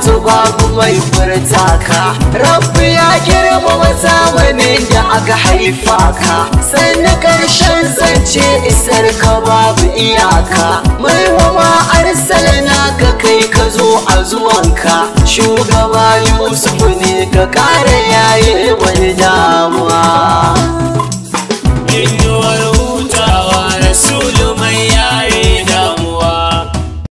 mutu babu mai furta ka rabbi ya maza wani da aka haifa ka sai na karshen zance isar ka babu iyaka mai wama arsalna ka kai ka zo a zuwanka shugaba yusuf ne ka ƙara yaye wani da